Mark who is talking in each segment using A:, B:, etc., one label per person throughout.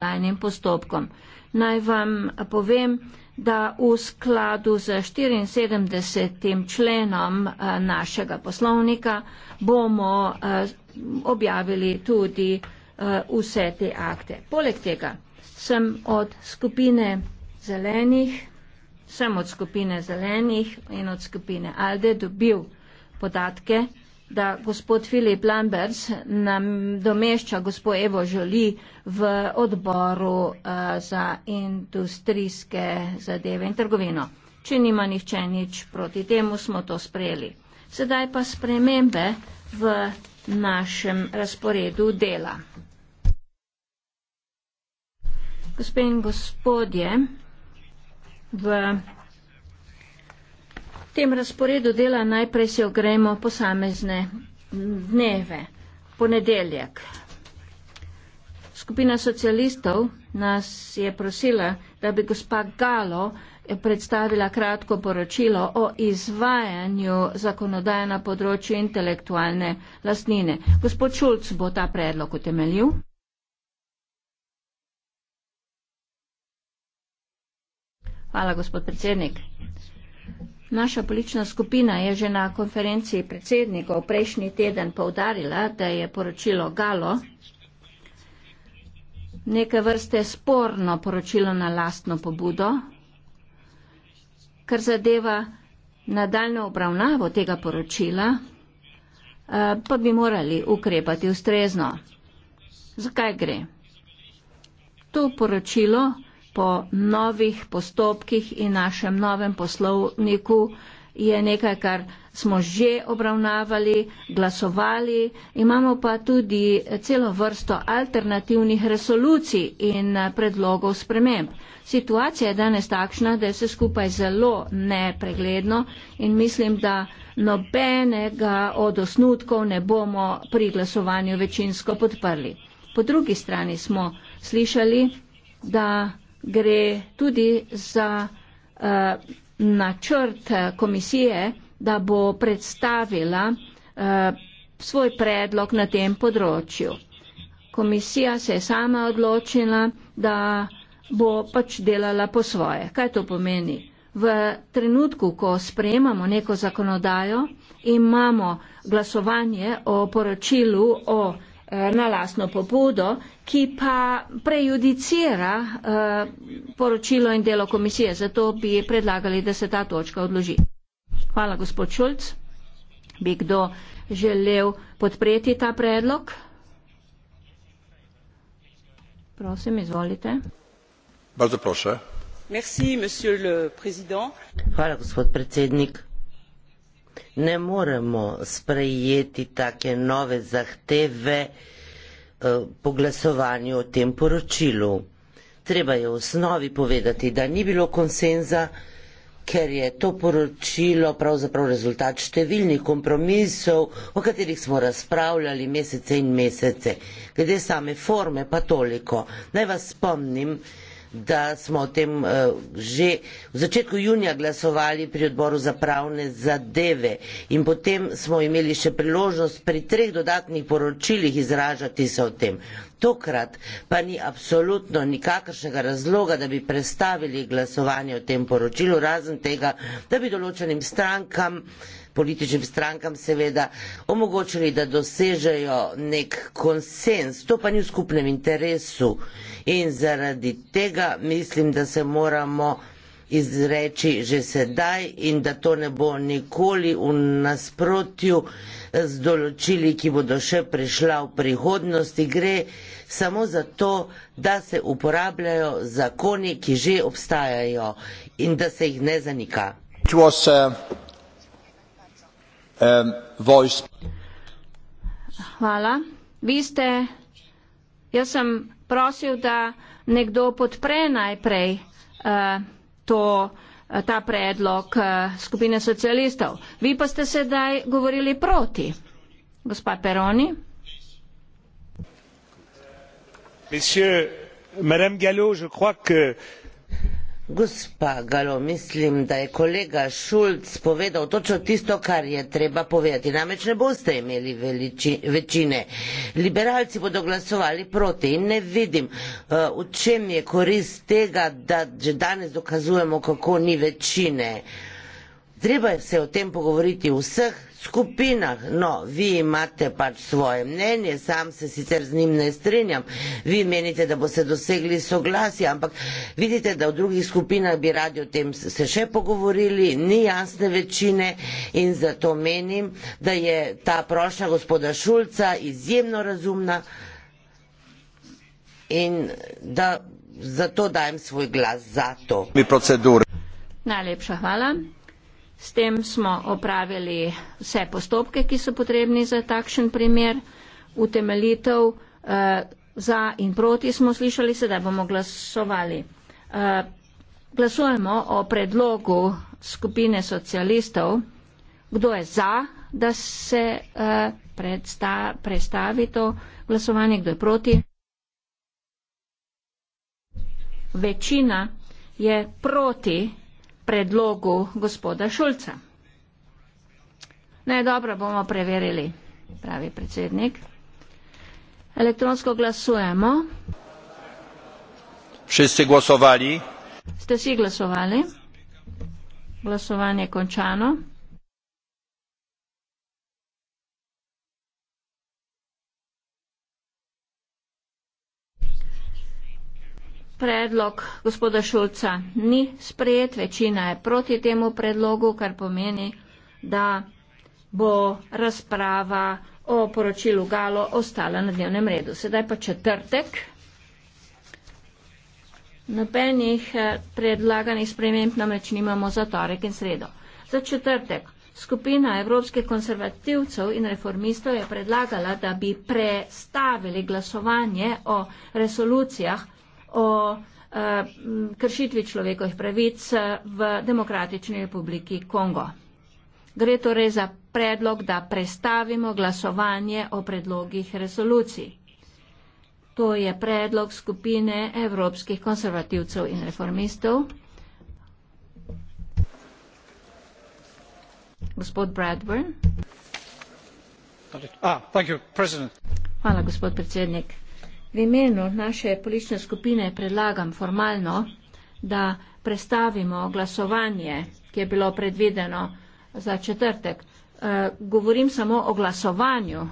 A: zakonodajnim postopkom. Naj vam povem, da v skladu z 74. členom eh, našega poslovnika bomo eh, objavili tudi eh, vse te akte. Poleg tega sem od skupine zelenih, sem od skupine zelenih in od skupine Alde dobil podatke da gospod Filip Lamberts nam domešča gospo Evo Žoli v odboru eh, za industrijske zadeve in trgovino. Če nima nihče nič proti temu, smo to sprejeli. Sedaj pa spremembe v našem razporedu dela. Gospe in gospodje, v tem razporedu dela najprej si ogremo posamezne dneve. Ponedeljek. Skupina socialistov nas je prosila, da bi gospa Galo predstavila kratko poročilo o izvajanju zakonodaje na področju intelektualne lastnine. Gospod Šulc bo ta predlog utemeljil. Hvala, gospod predsednik. Naša politična skupina je že na konferenciji predsednikov prejšnji teden povdarila, da je poročilo Galo neke vrste sporno poročilo na lastno pobudo, kar zadeva nadaljno obravnavo tega poročila, eh, pa bi morali ukrepati ustrezno. Zakaj gre? To poročilo po novih postopkih in našem novem poslovniku je nekaj, kar smo že obravnavali, glasovali, imamo pa tudi celo vrsto alternativnih resolucij in predlogov sprememb. Situacija je danes takšna, da je vse skupaj zelo nepregledno in mislim, da nobenega od osnutkov ne bomo pri glasovanju večinsko podprli. Po drugi strani smo slišali, da gre tudi za uh, načrt eh, komisije, da bo predstavila uh, svoj predlog na tem področju. Komisija se je sama odločila, da bo pač delala po svoje. Kaj to pomeni? V trenutku, ko sprejemamo neko zakonodajo, imamo glasovanje o poročilu o Eh, na lastno pobudo, ki pa prejudicira eh, poročilo in delo komisije. Zato bi predlagali, da se ta točka odloži. Hvala, gospod Šulc. Bi kdo želel podpreti ta predlog? Prosim,
B: izvolite. Hvala, gospod predsednik ne moremo sprejeti take nove zahteve eh, po glasovanju o tem poročilu. Treba je v osnovi povedati, da ni bilo konsenza, ker je to poročilo pravzaprav rezultat številnih kompromisov, o katerih smo razpravljali mesece in mesece. Glede same forme pa toliko. Naj vas spomnim, da smo o tem eh, že v začetku junija glasovali pri odboru za pravne zadeve in potem smo imeli še priložnost pri treh dodatnih poročilih izražati se o tem. Tokrat pa ni absolutno nikakršnega razloga, da bi prestavili glasovanje o tem poročilu, razen tega, da bi določenim strankam političnim strankam seveda omogočili, da dosežejo nek konsens. To pa ni v skupnem interesu in zaradi tega mislim, da se moramo izreči že sedaj in da to ne bo nikoli v nasprotju z določili, ki bodo še prišla v prihodnosti. Gre samo za to, da se uporabljajo zakoni, ki že obstajajo in da se jih ne zanika.
A: It was uh, Um, Hvala. Vi ste, jaz sem prosil, da nekdo podpre najprej uh, to, uh, ta predlog uh, skupine socialistov. Vi pa ste sedaj govorili proti. Gospa Peroni.
B: Monsieur, Madame Gallo, je crois que Gospa Galo, mislim, da je kolega Šulc povedal točno tisto, kar je treba povedati. Namreč ne boste imeli veliči, večine. Liberalci bodo glasovali proti in ne vidim, uh, v čem je korist tega, da že danes dokazujemo, kako ni večine. Uh, Treba se o tem pogovoriti v vseh skupinah. No, vi imate pač svoje mnenje, sam se sicer z njim ne strinjam. Vi menite, da boste dosegli soglasje, ampak vidite, da v drugih skupinah bi radi o tem se še pogovorili, ni jasne večine in zato menim, da je ta prošnja gospoda Šulca izjemno razumna in da zato dajem svoj glas za to.
A: Najlepša hvala. S tem smo opravili vse postopke, ki so potrebni za takšen primer, utemeljitev eh, za in proti smo slišali, sedaj bomo glasovali. Eh, glasujemo o predlogu skupine socialistov, kdo je za, da se eh, predstavi to glasovanje, kdo je proti. Večina je proti predlogu gospoda Šulca. Ne, dobro, bomo preverili, pravi predsednik. Elektronsko glasujemo. Všichni glasovali? Ste si glasovali? Glasovanje končano. predlog gospoda Šulca ni sprejet, večina je proti temu predlogu, kar pomeni, da bo razprava o poročilu Galo ostala na dnevnem redu. Sedaj pa četrtek. Nobenih eh, predlaganih sprememb namreč nimamo za torek in sredo. Za četrtek. Skupina evropskih konservativcev in reformistov je predlagala, da bi prestavili glasovanje o resolucijah o eh, kršitvi človekovih pravic v Demokratični republiki Kongo. Gre torej za predlog, da prestavimo glasovanje o predlogih resolucij. To je predlog skupine evropskih konservativcev in reformistov. Gospod Bradburn. Ah, thank you, President. Hvala, gospod predsednik. V imenu naše politične skupine predlagam formalno, da prestavimo glasovanje, ki je bilo predvideno za četrtek. Eh, govorim samo o glasovanju,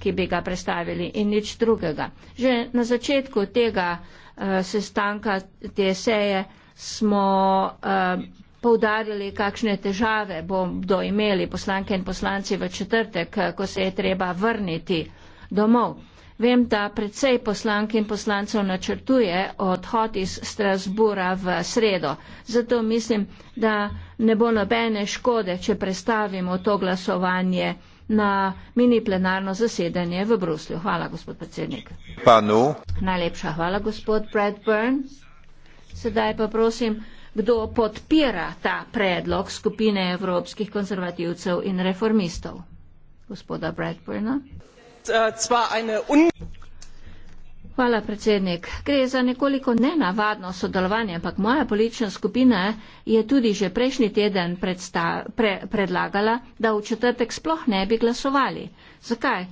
A: ki bi ga predstavili in nič drugega. Že na začetku tega eh, sestanka te seje smo eh, povdarjali, kakšne težave bodo imeli poslanke in poslanci v četrtek, ko se je treba vrniti domov. Vem, da predvsej poslank in poslancev načrtuje odhod iz Strasbura v sredo. Zato mislim, da ne bo nobene škode, če prestavimo to glasovanje na mini plenarno zasedanje v Bruslju. Hvala, gospod predsednik. Panu. Najlepša hvala, gospod Bradburn. Sedaj pa prosim, kdo podpira ta predlog skupine evropskih konzervativcev in reformistov. Gospoda Bradburna. Äh, Hvala, predsednik. Gre za nekoliko nenavadno sodelovanje, ampak moja politična skupina je tudi že prejšnji teden predsta, pre, predlagala, da v četrtek sploh ne bi glasovali. Zakaj?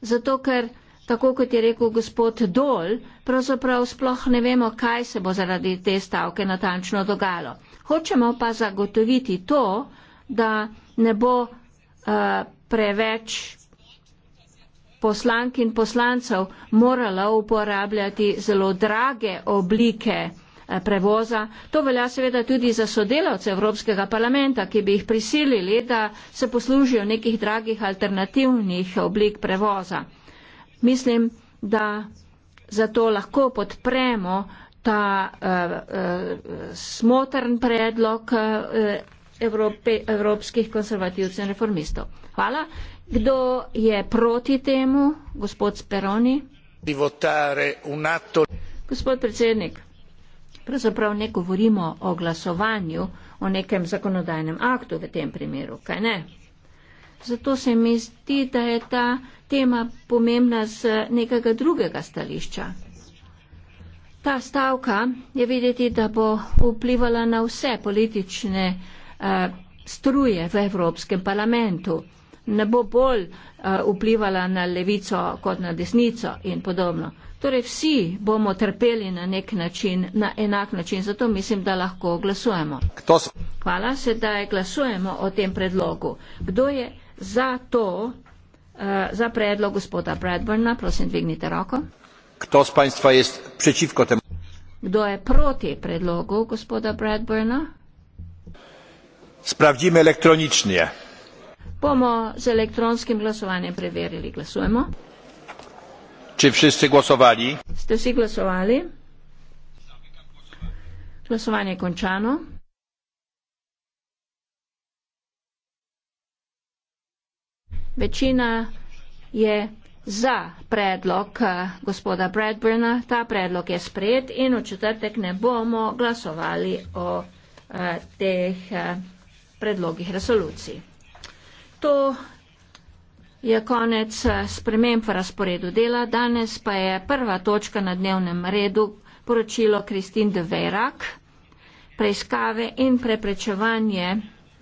A: Zato, ker, tako kot je rekel gospod Dol, pravzaprav sploh ne vemo, kaj se bo zaradi te stavke natančno dogajalo. Hočemo pa zagotoviti to, da ne bo uh, preveč poslank in poslancev morala uporabljati zelo drage oblike eh, prevoza. To velja seveda tudi za sodelavce Evropskega parlamenta, ki bi jih prisilili, da se poslužijo nekih dragih alternativnih oblik prevoza. Mislim, da zato lahko podpremo ta uh, uh, smotrn predlog uh, Evropi, evropskih konservativcev in reformistov. Hvala. Kdo je proti temu? Gospod Speroni. Gospod predsednik, pravzaprav ne govorimo o glasovanju, o nekem zakonodajnem aktu v tem primeru, kaj ne? Zato se mi zdi, da je ta tema pomembna z nekega drugega stališča. Ta stavka je videti, da bo vplivala na vse politične uh, struje v Evropskem parlamentu ne bo bolj eh, vplivala na levico kot na desnico in podobno. Torej vsi bomo trpeli na nek način, na enak način, zato mislim, da lahko glasujemo. Hvala, sedaj glasujemo o tem predlogu. Kdo je za to, uh, za predlog gospoda Bradburna, prosim, dvignite roko. Kdo, tem... Kdo je proti predlogu gospoda Bradburna? Spravdimo elektronično bomo z elektronskim glasovanjem preverili. Glasujemo. Če vsi glasovali? Ste vsi glasovali? Glasovanje je končano. Večina je za predlog eh, gospoda Bradburna. Ta predlog je sprejet in v četrtek ne bomo glasovali o eh, teh eh, predlogih resolucij to je konec eh, sprememb v razporedu dela. Danes pa je prva točka na dnevnem redu poročilo Kristin de Verak, preiskave in preprečevanje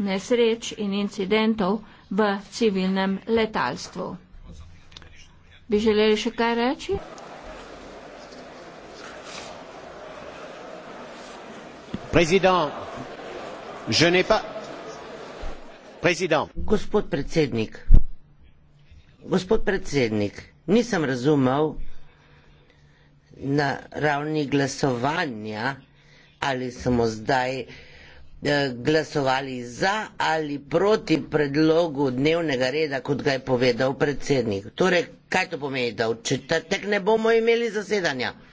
A: nesreč in incidentov v civilnem letalstvu. Bi želeli še kaj reči?
B: Prezident, je ne pa. Gospod predsednik, gospod predsednik, nisem razumel na ravni glasovanja, ali smo zdaj eh, glasovali za ali proti predlogu dnevnega reda, kot ga je povedal predsednik. Torej, kaj to pomeni, da v četrtek ne bomo imeli zasedanja?